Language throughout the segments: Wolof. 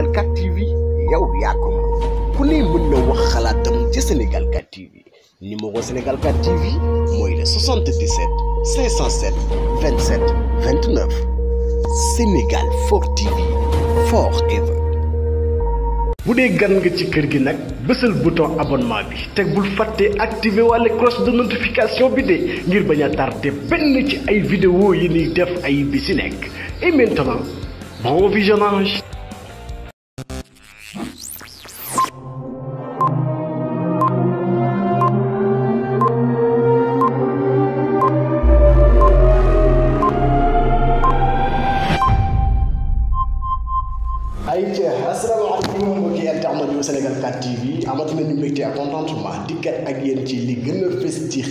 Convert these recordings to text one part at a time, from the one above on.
Sénégal 4 TV yow yaa ko ku ne mën na wax xalaatam ci Sénégal 4 TV numéro Sénégal 4 TV moy le 77 507 27 29 Sénégal 4 TV forever. bu dé gan nga ci kër gi nak, bésal bouton abonnement bi teg bul faté activer wàlla cloche de notification bi dé ngir baña a tardé benn ci ay vidéo yi ni def ay bi si et maintenant bon visionnage.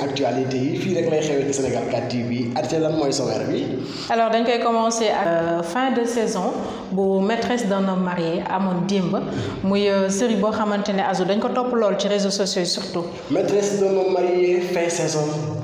actualité yi fii rek lay xewee ci Sénégal 4 TV Adja lan mooy sommaire bi. alors dañ koy commencer ak euh, fin de saison bu maîtresse d'un homme marié amoon démb muy euh, série boo xamante ne Azu dañ ko topp lool ci réseaux sociaux surtout. maîtresse d'un homme marié fin saison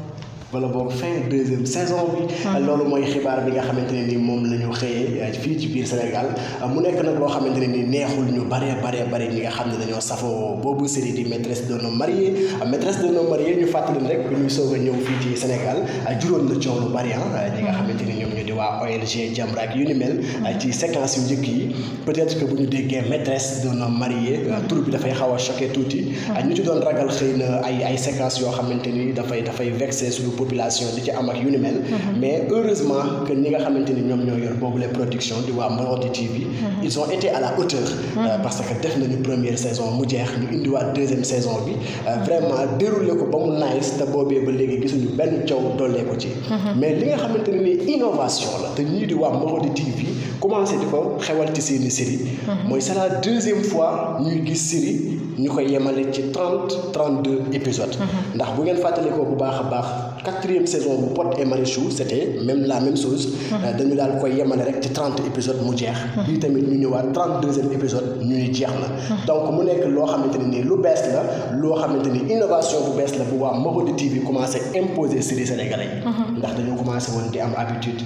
wala boog fin deuxième saison bi. Hmm. loolu mooy xibaar bi nga xamante ne ni moom la ñu xëyee euh, fii ci biir Sénégal euh, mu nekk nag loo xamante ne ni neexul ñu bare bare bare ñi nga xam ne dañoo safoo boobu série di maîtresse d'un homme marié euh, maîtresse d'un homme marié ñu fàttali rek ñuy soog a ñëw fii ci Sénégal juróom na coow lu bari hein. ñi nga hmm. xamante ni ñoom ñu di waa ONG Jamra ak yu ni mel ci séquence yu njëkk yi peut-être que bu ñu déggee maîtresse d'un homme marié tur bi dafay xaw a choqué tuuti hmm. ñu ci doon ragal xëy na ay ay séquence yoo xamante ni dafay dafay vexé suñu population li ci am ak yu ni mel. Mhm. mais heureusement que ñi nga xamante ni ñoom ñoo yor boobu les production di waa Marodi TV. Mhm. ils ont été à la hauteur. Mhm. Euh, parce que def nañu première saison mu jeex ñu indiwaat deuxième saison bi euh, vraiment déroulé ko ba mu nice te boobee ba léegi gisuñu benn coow dollee ko ci. mais li nga xamante ni innovation la te ñii di waa Marodi TV commencé di ko xewal ci seeni série mooy c'est la deuxième fois ñuy gis série ñu koy yemale ci trente trente deux épisodes ndax bu ngeen fàttalikoo bu baax a baax quatrième saison de Pot et Maréchou, c'était même la même chose. Mm -hmm. euh, nous avons eu 30 épisodes de Nous avons 32 épisodes de mm Donc, nous avons fait innovation de l'innovation pour voir Moro TV commencer à imposer sur les Sénégalais. Mm -hmm. Nous avons commencé à avoir l'habitude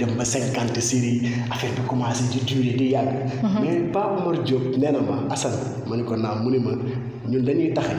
de faire 50 séries. L'affaire a commencé à durer des mm -hmm. Mais pas Moro Diop, Nenama, Hassan, je suis dit que nous avons eu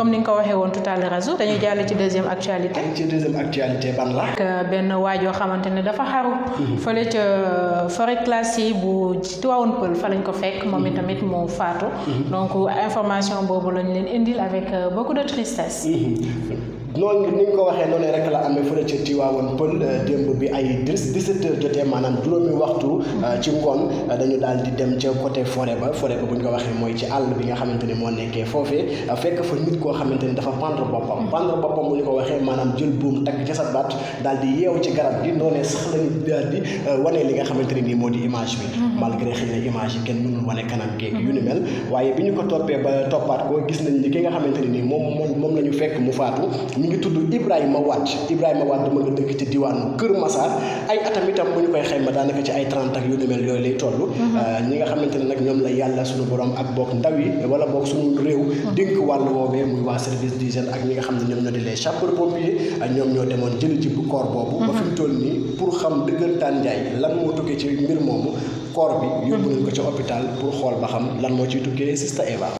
comme ni nga ko waxee woon tout à l'heure Azou dañuy jàll ci deuxième actualité. ci deuxième actualité ban la. ak benn waajoo xamante ne dafa xaru. Mhm. fële ca euh, forêt classée bu Tivaouane Peulh fa lañ ko fekk moom mhm. itamit mu faatu. Mhm. donc information boobu lañ leen indil avec euh, beaucoup de tristesse. noonu ni ñu ko waxee noonu rek la amee fële ca Tiwaawan Pël euh, démb bi ay dix-sept heures jotee maanaam juróomi waxtu euh, ci ngoon euh, dañu daal di dem ca côté forêt ba forêt ba bu ñu ko waxee mooy ci àll bi nga xamante ni moo nekkee foofee fekk fa nit koo xamante ni dafa pendre boppam pendre boppam bu ñu ko waxee maanaam jël buum takk ca sa baat daal di yeew ci garab gi noonee sax lañu daal di li nga xamante ne nii moo di image bi mm-hmm. malgré xëy na image yi kenn mënul wane kanam géeg mm-hmm. yu ni mel waaye bi ñu ko toppee ba toppaat ko gis nañ li ki nga xamante ne nii moom moom moom la ñu fekk mu faatu ñu ngi tudd Ibrahima Wade Ibrahima Wade ma nga dëkk ci diwaanu Kër Massar ay atam itam bu ñu koy xayma daanaka ci ay trente ak yu ni mel yooyu toll mhm. euh, ñi nga xamante ne nag ñoom la yàlla suñu borom ak boog ndaw yi wala boog suñu réew mhm. dénk wàll woowee muy waa service d'hygiène ak ñi nga xam ne ñoom ñoo di les sapeurs euh, ñoo demoon jëli ji bu koor boobu ba fi mu mhm. toll nii pour xam dëggantaan njaay lan moo tuggee ci mbir moomu koor bi yóbbu nañ ko ci hôpital pour xool ba xam lan moo ciy tukkee Sista Eva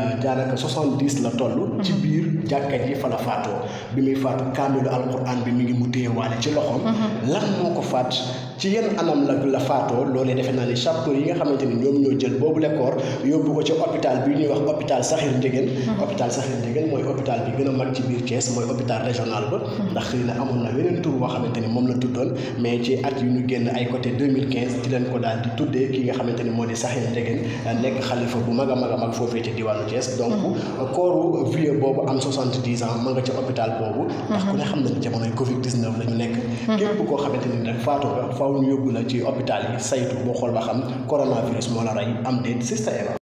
daanaka soixante dix la toll. ci biir jàkka ji fa la faatoo bi muy faatu kaamilu alquran bi mi ngi mu téyewaale ci loxoom mm-hmm. lan moo ko faat ci yenn anam la la faatoo loolee defe naa ne chapteur yi nga xamante ni ñoom ñoo jël boobu lekkoor yóbbu ko ci hôpital bi ñuy wax hôpital Sakhir Ndiéguène mm-hmm. hôpital Sakhir Ndiéguène mooy hôpital bi gën a mag ci biir Thiès mooy hôpital régional ba mm-hmm. ndax xëy na amoon na weneen tur boo xamante moom la tuddoon mais ci at yu ñu génn ay côté 2015 ci leen ko daal di tuddee ki nga xamante ni moo di Sakhir Ndiéguène a mag a mag foofee ci soixante-dix ans ma nga ci hôpital boobu ndax ku ne xam na ni jamonoy covid 19 la ñu nekk mm-hmm. képp koo xamante ni rek faatu ñu yóbbu la ci hôpital yi saytu boo xool ba xam coronavirus moo la rey am déet c'est ça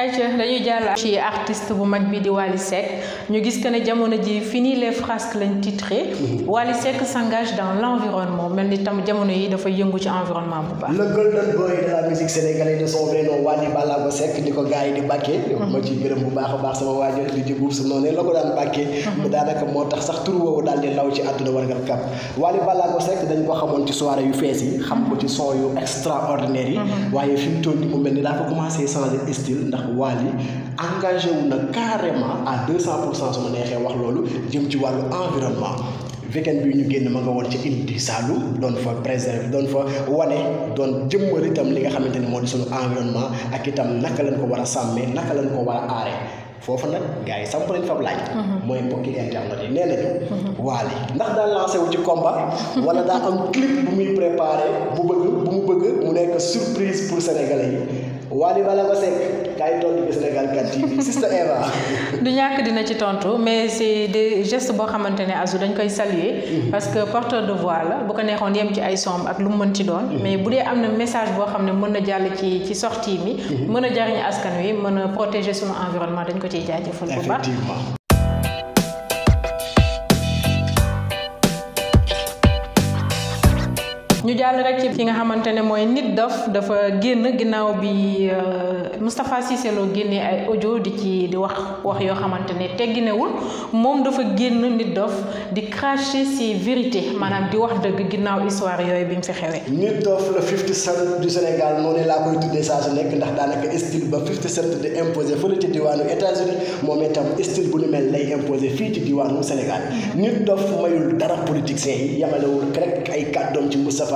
ayca dañuy jàll ci artiste bu mag bi di Wally Seck ñu gis que ne jamono ji fini les frasques lañ titré mhm. Wally Seck s'engage dans l'environnement mel ni tam jamono yi dafa yëngu ci environnement bu baax. le golden boy de la musique sénégalaise de son vrai nom Wally Ballago Seck di ko gars yi di bàkkee. Mhm. ma ci gërëm bu baax a baax sama waajur di ji buub sa noonu la ko daan bàkkee. Mhm. daanaka moo tax sax tur woowu daal di law ci àdduna wargal kap Wally Ballago Seck dañ ko xamoon ci soirée yu fees yi xam ko ci son yu extraordinaire yi waaye fi mu toll nii mu mel ni daa ko commencé changer style ndax Wali, engagé carrément à 200% sama ma neexee wax loolu jëm ci wàllu environnement weekend bi ñu génn ma nga woon ci île Saloum fa préserve doon fa wane doon jëmmal itam li nga xamante ni suñu environnement ak itam naka lañ ko a naka lañ ko gars fa laaj. Mhm. combat. wala daa clip bu muy préparé bu bëgg bu mu bëgg mu surprise pour sénégalais Wally Ballago Seck kaay tontu bi Sénégal 4 TV sister Eva. du ñak dina ci tontu mais c'est des gestes bo xamantene azu dañ koy saluer. Mhm. parce que porteur de voix la bu ko neexoon yem ci ay somb ak lu mu mën ci doon. Mhm. mais bu dee am message bo xamné ne mën na jàll ci ci sortie mi. Mhm. mën a jariñ askan wi mën a protéger sunu environnement dañ ko ciy jaajëfal bu baax. ñu jàll rek ci ki nga xamante ne mooy nit dof dafa génn ginnaaw bi euh, Moustapha Cissé Lo génnee ay audio di ci di wax wax yoo xamante ne tegginewul moom dafa génn nit dof di cracher ses vérités maanaam di wax dëgg ginnaaw histoire yooyu bi mu fi xewee. nit dof la 50 Cent du Sénégal noonu laa koy tuddee saa su nekk ndax daanaka style ba 50 Cent di imposé fële ci diwaanu États-Unis moom itam style bu nu mel lay imposé fii ci diwaanu Sénégal mm-hmm. nit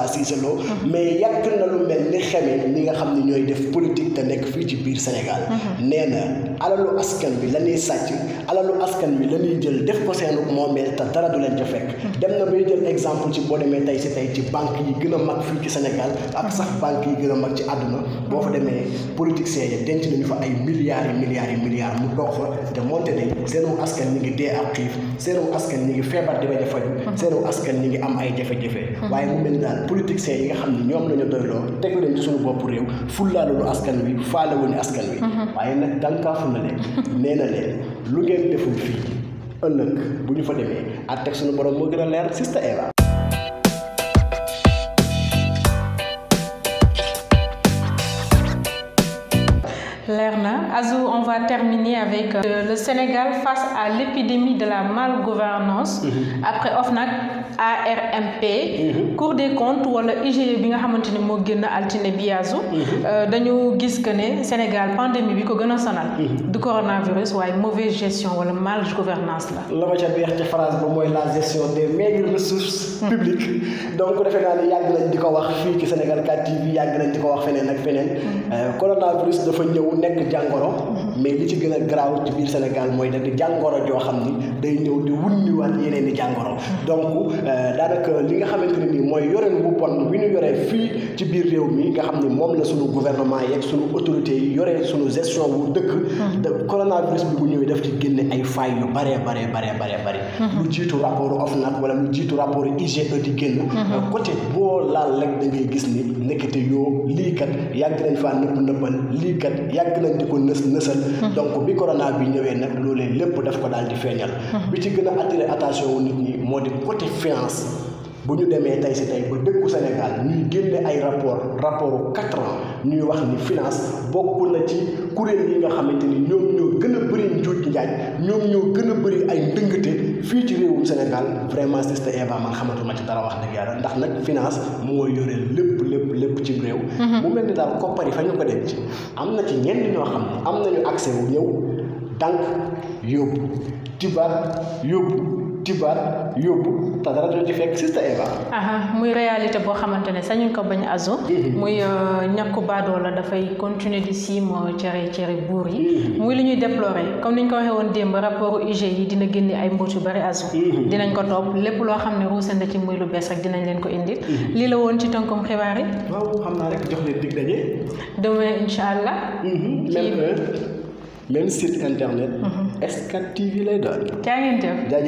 Moustapha mhm. mais yàgg na lu mel ni xeme ni nga xam ni ñooy def politique te nekk fii ci biir Sénégal mhm. nee na alalu askan bi la ñuy sàcc alalu askan bi la ñuy jël def ko seenu moomeel te dara du leen ca fekk dem na bay jël exemple ci boo demee tey si tey ci banque yi gën a mag fii ci Sénégal ak sax banque yi gën a mag ci àdduna boo fa demee politiciens yi denc nañu fa ay milliards yi milliards yi milliards mu doog fa te moonte ne seenu askan ñi ngi dee ak xiif seenu askan ñi ngi feebar deme bañ a faju seenu askan ñi ngi am ay jafe-jafe waaye mu mel ni daal yi nga xam ne ñoom la ñu doyloo teg leen ci suñu bopp réew fullaalu askan wi faale wuñu askan wi mm-hmm. na nee na leen lu ngeen deful fii ëllëg bu ñu fa demee àtteeg suñu borom moo gën a leer sista Eva Lerna. Azou, on va terminer avec euh, le Sénégal face à l'épidémie de la malgouvernance. Mm -hmm. Après OFNAC, ARMP, mm -hmm. Cour des comptes wala IGE bi nga xamante ne moo génn altine bi Azou. Mhm. Euh, dañu gis que ne Sénégal pandémie bi ko gën sonal. Mhm. du coronavirus waaye mauvaise gestion wala mal gouvernance Là. la ma ca beex ci phrase ba mooy la gestion des maigres ressources mhm. publiques. donc defe naa ne yàgg nañ di ko wax fii ci Sénégal 4 TV yàgg nañ di ko wax feneen ak feneen. Euh, coronavirus dafa ñëw. nekk jàngoro. Mhm. mais li ci gën a garaaw ci biir Sénégal mooy nag jàngoro joo xam ni day ñëw di wunniwaat yeneen i jàngoro. Mhm. donc euh, daanaka li nga xamante ne nii mooy yoreen bu bon bi nu yoree fii ci biir réew mi nga xam ni moom la suñu gouvernement yeeg suñu autorités yi yoree suñu gestion wu dëkk. Mhm. de coronavirus bi bu ñëwee def ci génn ay fay yu baree baree baree baree baree. lu jiitu rapport OFNAC wala mu jiitu rapport IGE di génn. Euh, côté boo laal rek da gis ni. nekkite yoo lii kat yàgg nañ faa nëpp nëppal lii yàgg nañ di ko nës nësal hmm. donc bi corona bi ñëwee nag loolee lépp daf ko daal di feeñal hmm. bi ci gën a attirer attention wu nit ñi moo di côté finance bu ñu demee tey si tey ba dëkku Sénégal ñuy génne ay rapport rapportu quatre ñuy wax ni finance bokk na ci kuréel yi nga xamante ni ñoom gën a bëri njuuj njaaj ñoom ñoo gën a bëri ay ndëngate fii ci réewum Sénégal vraiment Sista Eva man xamatuma ci dara wax dëgg yàlla ndax nag finance moo yore lépp lépp lépp ci réew mhm. mu mel ni daal koppar yi fa ñu ko denc am na ci ñenn ñoo xam ne am nañu accès wu ñëw dànk yóbbu tibaat yóbbu dibaat yóbbu te dara du ci fekk sista Eva. muy réalité boo xamante ne sañuñ ko bañ a azo. Mhm. muy euh, ñàkku baadoo la dafay continuer di siimo euh, cere cere buur yi. Mhm. muy li ñuy déplorer comme ni ñu ko waxee woon démb rapport IG yi dina génne ay mbóot yu bari azo. Mhm. dinañ ko topp lépp loo xam ne ruuse na ci muy lu bees rek dinañ leen ko indil. lii la woon ci tonkum xibaar yi. waaw xam naa rek jox leen dig daje. demain incha allah. même heure même site internet. S4